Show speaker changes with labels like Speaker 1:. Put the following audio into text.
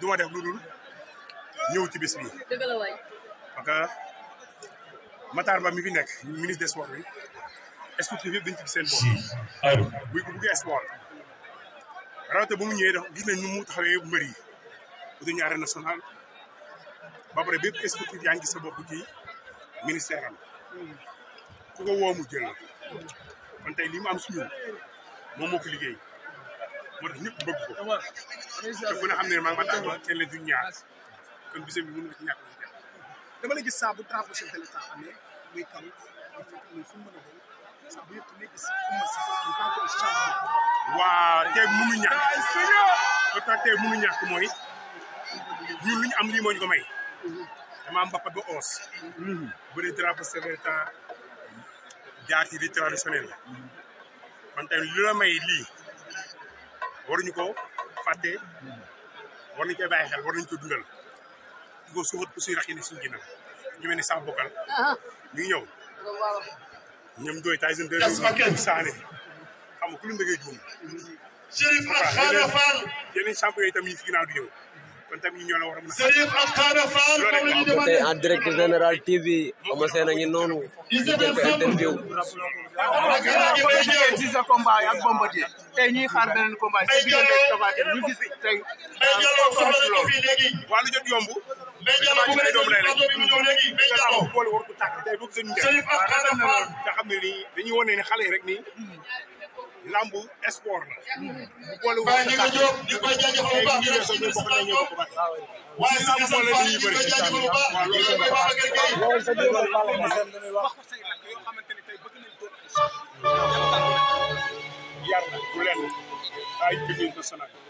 Speaker 1: du ma def lu dul ñëw ci bis bi. dëgg la waay. parce Ba mi fi nekk ministre des sports bi sportif yëpp dañ ci gis seen bopp. bu bu buggee ba mu ñëwee dafa gis nañ nu mu taxawee mbër yi uti ñaare national ba pare bépp sportif yaa ngi gis sa bopp ci ministère am ku ko mu jël kon mu am suñu liggéey. moo tax ñëpp bëgg ko te ku ne xam ne maa ngi ma tàggatoo bi mënu ma a dama la gis saa bu drapeau chef de l'État amee muy a si changement. ba tax tey mënu ñàkk mooy ñun lu ñu am lii moo ñu ko may. ba oos. bëri drapeau chef de l'État jaar li traditionnel la. kon tey la may lii. waruñu ko fàtte war nañu koy war nañu ko dundal di ko suuxat ko suñu rax yi ne suñu ñu mel ni sax bokkal ah. ñu ngi ñëw ñoom dooy tay seen dooy saane xam nga ku lu ndëgee juum Chérif ak Xaana Fall yeneen champion yi tam yi ci ginnaaw di ñëw Serif Akhtar Fall moom la ñu demandé tey en direct général TV Eumeu Sène a ngi noonu di def interview. ci sa combat ak Bombardier tey ñuy xaar beneen combat ci diggante ak Tapha Tine ñu gis tey waa ah, lu jot yomb day jàll bu ngeen doom lay rek day jàll boole wartu tàkk day bëgg seen njëriñ te xam ne nii dañuy wane ne yi rek lambu sport la. bu boole woo sax ñu koy jaajëfal bu baax ñu koy jaajëfal bu baax. waaye si ñu boole dañuy bëri si saa bi waaw loolu tamit baax na. yar na du lenn ay